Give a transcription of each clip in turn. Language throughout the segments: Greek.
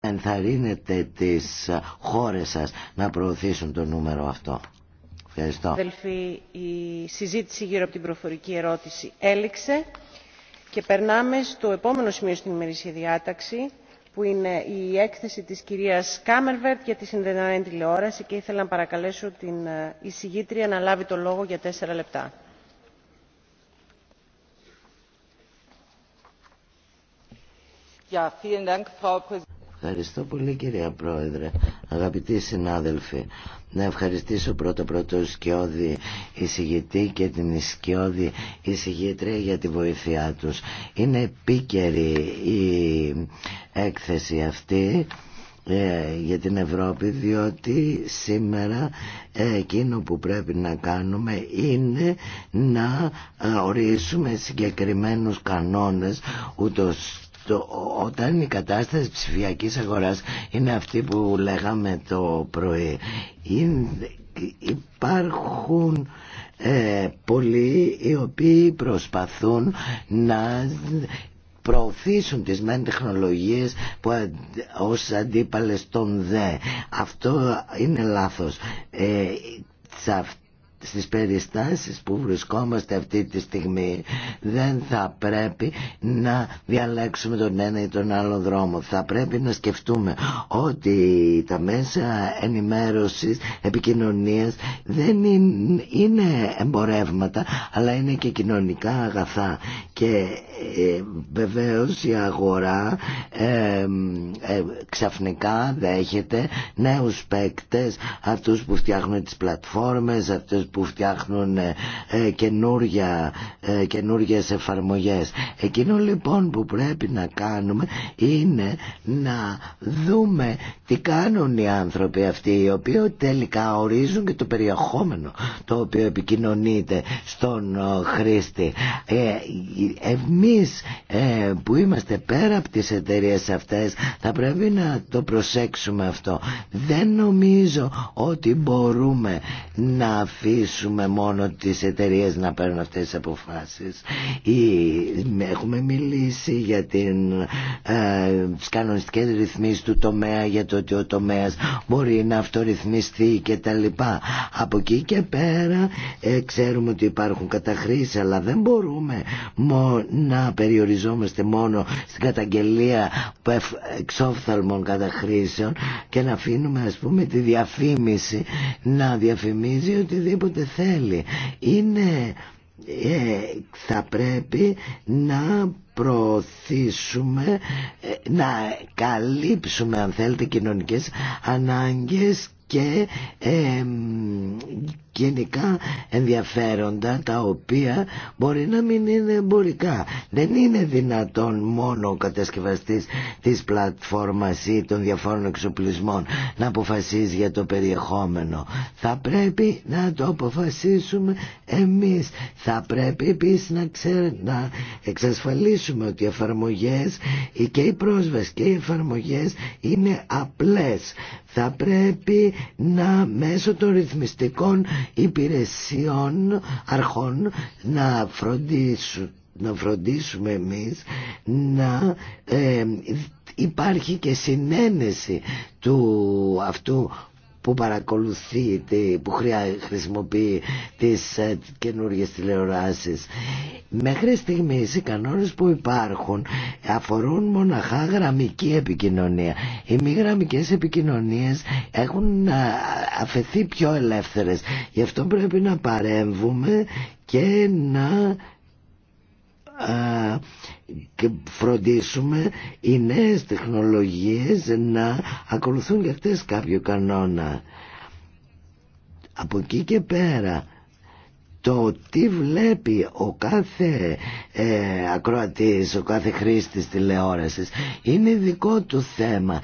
ενθαρρύνετε τις χώρες σας να προωθήσουν το νούμερο αυτό. Ευχαριστώ. Αδελφοί, η συζήτηση γύρω από την προφορική ερώτηση έληξε και περνάμε στο επόμενο σημείο στην ημερήσια διάταξη που είναι η έκθεση της κυρίας Κάμερβερτ για τη συνδεδεμένη τηλεόραση και ήθελα να παρακαλέσω την ε, εισηγήτρια να λάβει το λόγο για τέσσερα λεπτά. Ευχαριστώ πολύ κυρία Πρόεδρε, αγαπητοί συνάδελφοι. Να ευχαριστήσω πρώτα πρώτο σκιώδη εισηγητή και την σκιώδη εισηγήτρια για τη βοήθειά τους. Είναι επίκαιρη η έκθεση αυτή ε, για την Ευρώπη διότι σήμερα ε, εκείνο που πρέπει να κάνουμε είναι να ε, ορίσουμε συγκεκριμένους κανόνες ούτως όταν η κατάσταση ψηφιακής αγοράς είναι αυτή που λέγαμε το πρωί υπάρχουν ε, πολλοί οι οποίοι προσπαθούν να προωθήσουν τις μεν τεχνολογίες που ως αντίπαλες των δε. Αυτό είναι λάθος. Ε, στις περιστάσεις που βρισκόμαστε αυτή τη στιγμή δεν θα πρέπει να διαλέξουμε τον ένα ή τον άλλο δρόμο. Θα πρέπει να σκεφτούμε ότι τα μέσα ενημέρωσης, επικοινωνίας δεν είναι, εμπορεύματα αλλά είναι και κοινωνικά αγαθά και ε, βεβαίως η αγορά ε, ε, ξαφνικά δέχεται νέους παίκτες αυτούς που φτιάχνουν τις πλατφόρμες, αυτούς που φτιάχνουν ε, καινούργια, ε, ε εφαρμογές. Εκείνο λοιπόν που πρέπει να κάνουμε είναι να δούμε τι κάνουν οι άνθρωποι αυτοί οι οποίοι τελικά ορίζουν και το περιεχόμενο το οποίο επικοινωνείται στον ε, χρήστη. Ε, εμείς ε, που είμαστε πέρα από τις εταιρείες αυτές θα πρέπει να το προσέξουμε αυτό. Δεν νομίζω ότι μπορούμε να αφήσουμε αφήσουμε μόνο τις εταιρείες να παίρνουν αυτές τις αποφάσεις ή έχουμε μιλήσει για την, ε, τις κανονιστικές ρυθμίσεις του τομέα για το ότι ο τομέας μπορεί να αυτορυθμιστεί και τα λοιπά από εκεί και πέρα ε, ξέρουμε ότι υπάρχουν καταχρήσεις αλλά δεν μπορούμε να περιοριζόμαστε μόνο στην καταγγελία εξόφθαλμων καταχρήσεων και να αφήνουμε ας πούμε τη διαφήμιση να διαφημίζει οτιδήποτε θέλει. Είναι ε, θα πρέπει να προωθήσουμε, ε, να καλύψουμε αν θέλετε κοινωνικές ανάγκες και ε, γενικά ενδιαφέροντα τα οποία μπορεί να μην είναι εμπορικά. Δεν είναι δυνατόν μόνο ο κατασκευαστής της πλατφόρμας ή των διαφόρων εξοπλισμών να αποφασίζει για το περιεχόμενο. Θα πρέπει να το αποφασίσουμε εμείς. Θα πρέπει επίσης να, να εξασφαλίσουμε ότι οι εφαρμογές και οι πρόσβαση και οι εφαρμογές είναι απλές. Θα πρέπει να μέσω των ρυθμιστικών υπηρεσιών αρχών να φροντίσουν να φροντίσουμε εμείς να ε, υπάρχει και συνένεση του αυτού που παρακολουθεί, που χρησιμοποιεί τις ε, καινούργιες τηλεοράσεις. Μέχρι στιγμής οι κανόνες που υπάρχουν αφορούν μοναχά γραμμική επικοινωνία. Οι μη γραμμικές επικοινωνίες έχουν ε, αφαιθεί πιο ελεύθερες. Γι' αυτό πρέπει να παρέμβουμε και να και φροντίσουμε οι νέες τεχνολογίες να ακολουθούν και αυτές κάποιο κανόνα. Από εκεί και πέρα το τι βλέπει ο κάθε ε, ακροατής, ο κάθε χρήστης τηλεόρασης είναι δικό του θέμα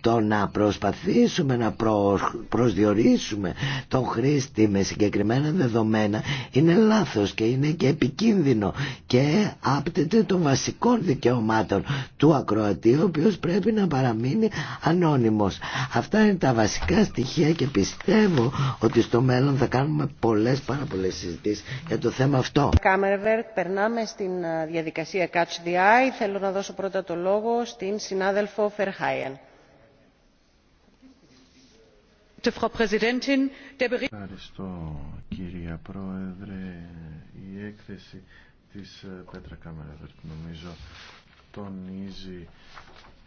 το να προσπαθήσουμε να προσδιορίσουμε τον χρήστη με συγκεκριμένα δεδομένα είναι λάθος και είναι και επικίνδυνο και άπτεται των βασικών δικαιωμάτων του ακροατή ο οποίος πρέπει να παραμείνει ανώνυμος. Αυτά είναι τα βασικά στοιχεία και πιστεύω ότι στο μέλλον θα κάνουμε πολλές πάρα πολλές συζητήσεις για το θέμα αυτό. Κάμερβερτ, περνάμε στην ε, διαδικασία Catch the Eye. Θέλω να δώσω πρώτα το λόγο στην συνάδελφο Φερχάιερ. Ευχαριστώ κυρία Πρόεδρε. Η έκθεση της ε, Πέτρα Κάμερα νομίζω τονίζει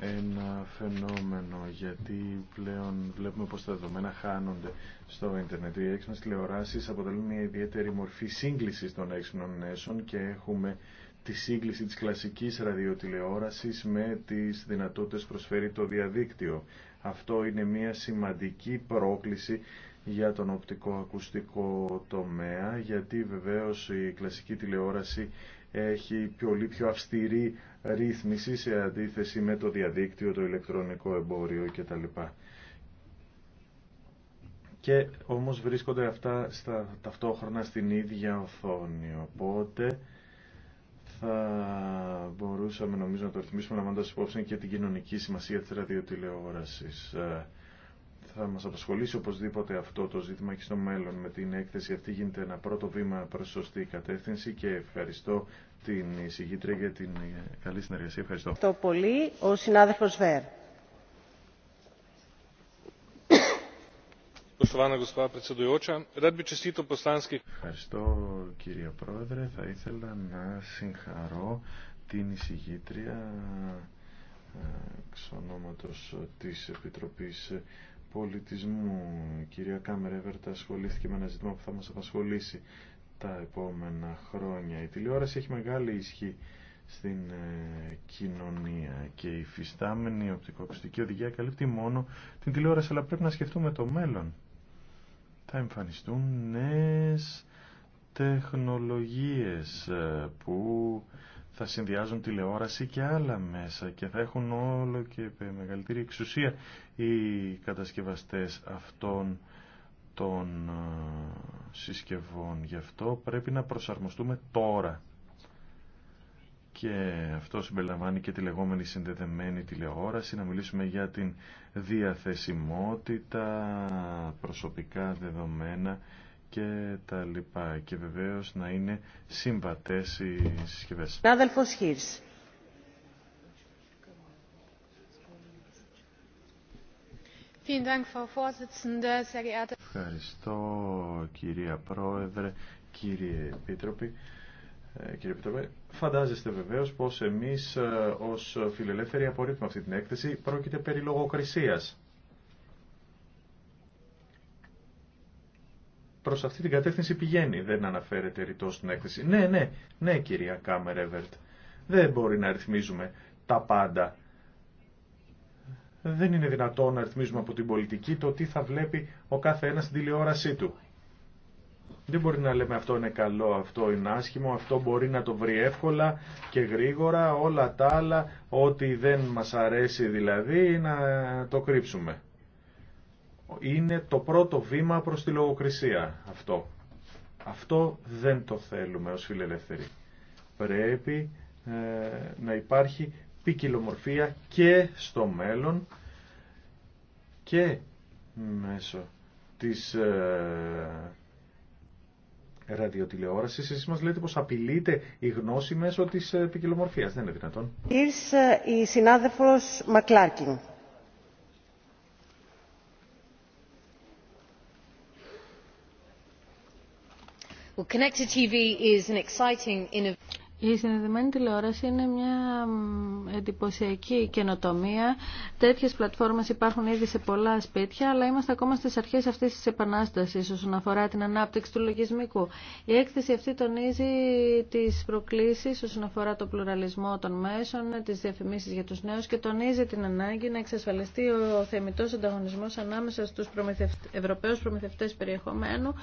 ένα φαινόμενο γιατί πλέον βλέπουμε πως τα δεδομένα χάνονται στο ίντερνετ. Οι έξυπνες τηλεοράσεις αποτελούν μια ιδιαίτερη μορφή σύγκλησης των έξυπνων νέσων και έχουμε τη σύγκληση της κλασικής ραδιοτηλεόρασης με τις δυνατότητες προσφέρει το διαδίκτυο. Αυτό είναι μια σημαντική πρόκληση για τον οπτικοακουστικό τομέα, γιατί βεβαίως η κλασική τηλεόραση έχει πολύ πιο αυστηρή ρύθμιση σε αντίθεση με το διαδίκτυο, το ηλεκτρονικό εμπόριο κτλ. Και όμως βρίσκονται αυτά στα, ταυτόχρονα στην ίδια οθόνη, οπότε θα μπορούσαμε νομίζω να το ρυθμίσουμε λαμβάνοντα υπόψη και την κοινωνική σημασία της ραδιοτηλεόρασης. Ε, θα μας απασχολήσει οπωσδήποτε αυτό το ζήτημα και στο μέλλον. Με την έκθεση αυτή γίνεται ένα πρώτο βήμα προς σωστή κατεύθυνση και ευχαριστώ την εισηγήτρια για την καλή συνεργασία. Ευχαριστώ. Το πολύ, ο συνάδελφος Βέρ. Ευχαριστώ κύριε Πρόεδρε. Θα ήθελα να συγχαρώ την εισηγήτρια ε, εξ ονόματος της Επιτροπής Πολιτισμού. Η κυρία Κάμερεβερτα ασχολήθηκε με ένα ζήτημα που θα μας απασχολήσει τα επόμενα χρόνια. Η τηλεόραση έχει μεγάλη ισχύ στην ε, κοινωνία και η φυστάμενη οπτικοακουστική οδηγία καλύπτει μόνο την τηλεόραση αλλά πρέπει να σκεφτούμε το μέλλον θα εμφανιστούν νέες τεχνολογίες ε, που θα συνδυάζουν τηλεόραση και άλλα μέσα και θα έχουν όλο και μεγαλύτερη εξουσία οι κατασκευαστές αυτών των ε, συσκευών. Γι' αυτό πρέπει να προσαρμοστούμε τώρα και αυτό συμπεριλαμβάνει και τη λεγόμενη συνδεδεμένη τηλεόραση, να μιλήσουμε για την διαθεσιμότητα, προσωπικά δεδομένα και τα λοιπά. Και βεβαίως να είναι συμβατές οι συσκευές. Χίρς. Ευχαριστώ κυρία Πρόεδρε, κύριε Επίτροπη. Ε, κύριε Επιτροπέ. Φαντάζεστε βεβαίω πως εμείς ε, ως φιλελεύθεροι απορρίπτουμε αυτή την έκθεση. Πρόκειται περί λογοκρισία. Προς αυτή την κατεύθυνση πηγαίνει, δεν αναφέρεται ρητό στην έκθεση. Ναι, ναι, ναι κυρία Κάμερεβερτ. Δεν μπορεί να ρυθμίζουμε τα πάντα. Δεν είναι δυνατόν να ρυθμίζουμε από την πολιτική το τι θα βλέπει ο κάθε ένα στην τηλεόρασή του. Δεν μπορεί να λέμε αυτό είναι καλό, αυτό είναι άσχημο, αυτό μπορεί να το βρει εύκολα και γρήγορα, όλα τα άλλα, ό,τι δεν μας αρέσει δηλαδή, να το κρύψουμε. Είναι το πρώτο βήμα προς τη λογοκρισία αυτό. Αυτό δεν το θέλουμε ως φιλελεύθεροι. Πρέπει ε, να υπάρχει ποικιλομορφία και στο μέλλον και μέσω της... Ε, ραδιοτηλεόρασης. Εσείς μας λέτε πως απειλείται η γνώση μέσω της ε, ποικιλομορφίας. Δεν είναι δυνατόν. Ήρθε η συνάδελφος Μακλάρκιν. Well, connected TV is an exciting innovation. Η συνδεδεμένη τηλεόραση είναι μια εντυπωσιακή καινοτομία. Τέτοιες πλατφόρμες υπάρχουν ήδη σε πολλά σπίτια, αλλά είμαστε ακόμα στις αρχές αυτής της επανάστασης όσον αφορά την ανάπτυξη του λογισμικού. Η έκθεση αυτή τονίζει τις προκλήσεις όσον αφορά το πλουραλισμό των μέσων, τις διαφημίσεις για τους νέους και τονίζει την ανάγκη να εξασφαλιστεί ο θεμητός ανταγωνισμός ανάμεσα στους προμηθευτε... ευρωπαίους προμηθευτές περιεχομένου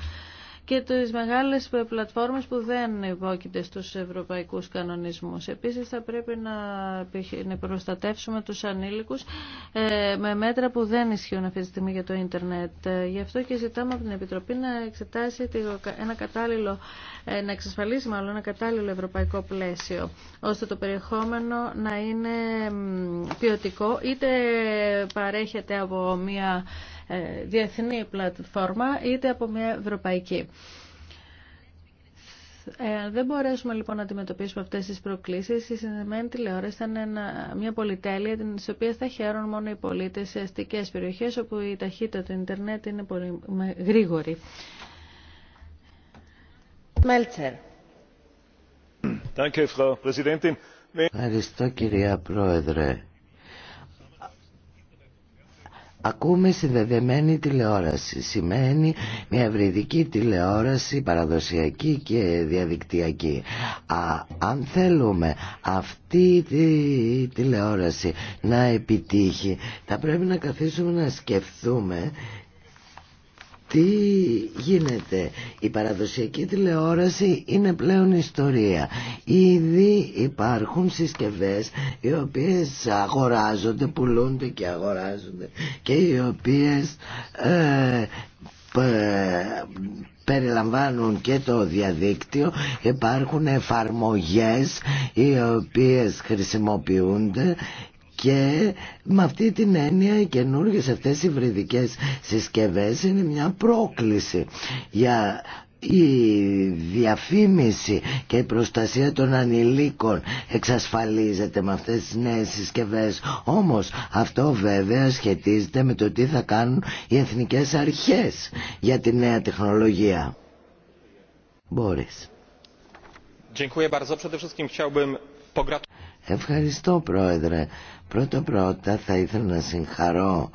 και τις μεγάλες πλατφόρμες που δεν υπόκειται στους ευρωπαϊκούς κανονισμούς. Επίσης θα πρέπει να προστατεύσουμε τους ανήλικους ε, με μέτρα που δεν ισχύουν αυτή τη στιγμή για το ίντερνετ. Ε, γι' αυτό και ζητάμε από την Επιτροπή να εξετάσει ένα κατάλληλο, ε, να εξασφαλίσει μάλλον ένα κατάλληλο ευρωπαϊκό πλαίσιο, ώστε το περιεχόμενο να είναι ποιοτικό, είτε παρέχεται από μια ε, διεθνή πλατφόρμα είτε από μια ευρωπαϊκή. Ε, δεν μπορέσουμε λοιπόν να αντιμετωπίσουμε αυτέ τι προκλήσει. Η συνδεδεμένη τηλεόραση είναι μια πολυτέλεια την οποία θα χαίρουν μόνο οι πολίτε σε αστικέ περιοχέ όπου η ταχύτητα του Ιντερνετ είναι πολύ γρήγορη. Ευχαριστώ κυρία Πρόεδρε. Ακούμε συνδεδεμένη τηλεόραση. Σημαίνει μια ευρυδική τηλεόραση παραδοσιακή και διαδικτυακή. Α, αν θέλουμε αυτή τη τηλεόραση να επιτύχει θα πρέπει να καθίσουμε να σκεφτούμε τι γίνεται. Η παραδοσιακή τηλεόραση είναι πλέον ιστορία. Ήδη υπάρχουν συσκευές οι οποίες αγοράζονται, πουλούνται και αγοράζονται και οι οποίες ε, περιλαμβάνουν και το διαδίκτυο υπάρχουν εφαρμογές οι οποίες χρησιμοποιούνται και με αυτή την έννοια οι καινούργιες αυτές οι βρυδικές συσκευές είναι μια πρόκληση για η διαφήμιση και η προστασία των ανηλίκων εξασφαλίζεται με αυτές τις νέες συσκευές όμως αυτό βέβαια σχετίζεται με το τι θα κάνουν οι εθνικές αρχές για τη νέα τεχνολογία Μπορείς Ευχαριστώ πρόεδρε. Πρώτα πρώτα θα ήθελα να συγχαρώ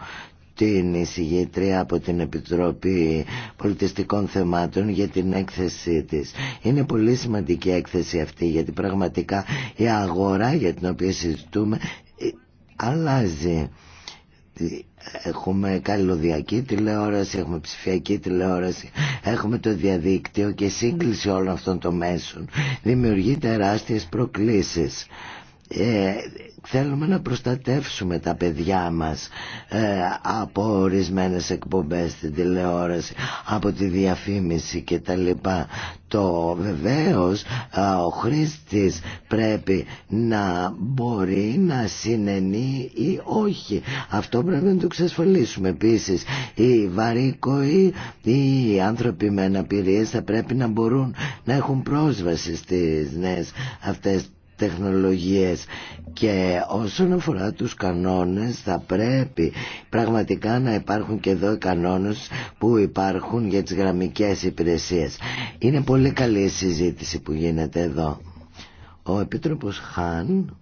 την εισηγήτρια από την Επιτροπή Πολιτιστικών Θεμάτων για την έκθεσή της. Είναι πολύ σημαντική η έκθεση αυτή γιατί πραγματικά η αγορά για την οποία συζητούμε ε, αλλάζει. Έχουμε καλλιδιακή τηλεόραση, έχουμε ψηφιακή τηλεόραση, έχουμε το διαδίκτυο και σύγκληση όλων αυτών των μέσων δημιουργεί τεράστιες προκλήσεις. Ε, θέλουμε να προστατεύσουμε τα παιδιά μας ε, από ορισμένες εκπομπές στην τηλεόραση, από τη διαφήμιση και τα λοιπά. Το βεβαίως ε, ο χρήστης πρέπει να μπορεί να συνενεί ή όχι. Αυτό πρέπει να το εξασφαλίσουμε. Επίσης οι βαρύκοοι ή οι άνθρωποι με αναπηρίες θα πρέπει να μπορούν να έχουν πρόσβαση στις νέες αυτές τεχνολογίες και όσον αφορά τους κανόνες θα πρέπει πραγματικά να υπάρχουν και εδώ οι κανόνες που υπάρχουν για τις γραμμικές υπηρεσίες. Είναι πολύ καλή η συζήτηση που γίνεται εδώ. Ο Επίτροπος Χάν,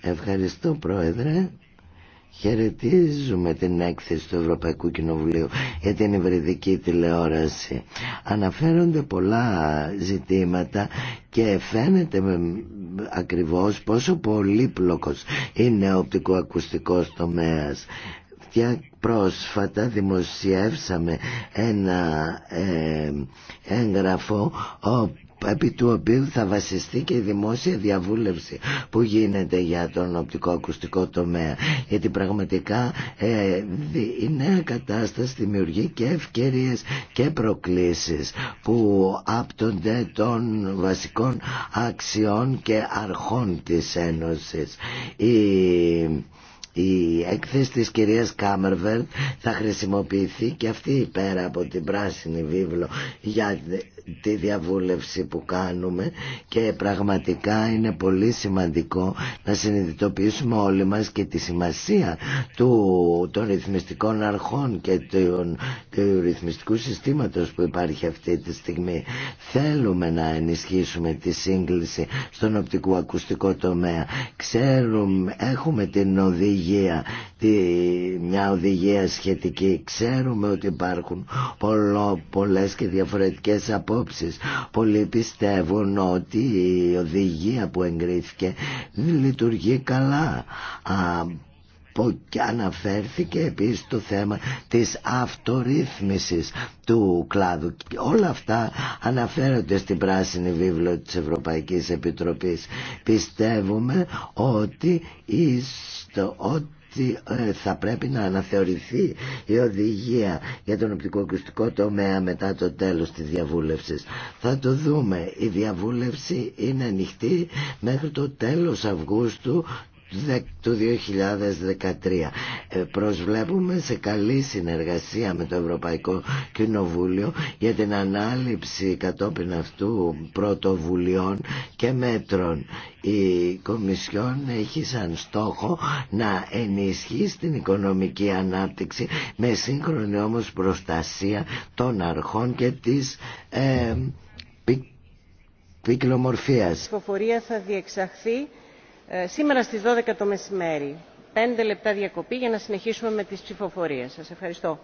ευχαριστώ Πρόεδρε. Χαιρετίζουμε την έκθεση του Ευρωπαϊκού Κοινοβουλίου για την ευρυδική τηλεόραση. Αναφέρονται πολλά ζητήματα και φαίνεται με, ακριβώς πόσο πολύπλοκος είναι ο οπτικοακουστικός τομέας. πρόσφατα δημοσιεύσαμε ένα ε, έγγραφο επί του οποίου θα βασιστεί και η δημόσια διαβούλευση που γίνεται για τον οπτικό-ακουστικό τομέα. Γιατί πραγματικά είναι η νέα κατάσταση δημιουργεί και ευκαιρίες και προκλήσεις που άπτονται των βασικών αξιών και αρχών της Ένωσης η έκθεση της κυρίας Κάμερβερτ θα χρησιμοποιηθεί και αυτή πέρα από την πράσινη βίβλο για τη διαβούλευση που κάνουμε και πραγματικά είναι πολύ σημαντικό να συνειδητοποιήσουμε όλοι μας και τη σημασία του, των ρυθμιστικών αρχών και του, του ρυθμιστικού συστήματος που υπάρχει αυτή τη στιγμή. Θέλουμε να ενισχύσουμε τη σύγκληση στον οπτικοακουστικό τομέα. Ξέρουμε, έχουμε την οδήγηση τη, μια οδηγία σχετική. Ξέρουμε ότι υπάρχουν πολλο, πολλές και διαφορετικές απόψεις. Πολλοί πιστεύουν ότι η οδηγία που εγκρίθηκε λειτουργεί καλά. Α, και αναφέρθηκε επίσης το θέμα της αυτορύθμισης του κλάδου. Όλα αυτά αναφέρονται στην πράσινη βίβλο της Ευρωπαϊκής Επιτροπής. Πιστεύουμε ότι, ότι ε, θα πρέπει να αναθεωρηθεί η οδηγία για τον οπτικοακουστικό τομέα μετά το τέλος της διαβούλευσης. Θα το δούμε. Η διαβούλευση είναι ανοιχτή μέχρι το τέλος Αυγούστου του 2013. Ε, προσβλέπουμε σε καλή συνεργασία με το Ευρωπαϊκό Κοινοβούλιο για την ανάληψη κατόπιν αυτού πρωτοβουλειών και μέτρων. Η Κομισιόν έχει σαν στόχο να ενισχύσει την οικονομική ανάπτυξη με σύγχρονη όμως προστασία των αρχών και της ε, πυκλομορφίας. Η θα διεξαχθεί ε, σήμερα στις 12 το μεσημέρι. Πέντε λεπτά διακοπή για να συνεχίσουμε με τις ψηφοφορίες. Σας ευχαριστώ.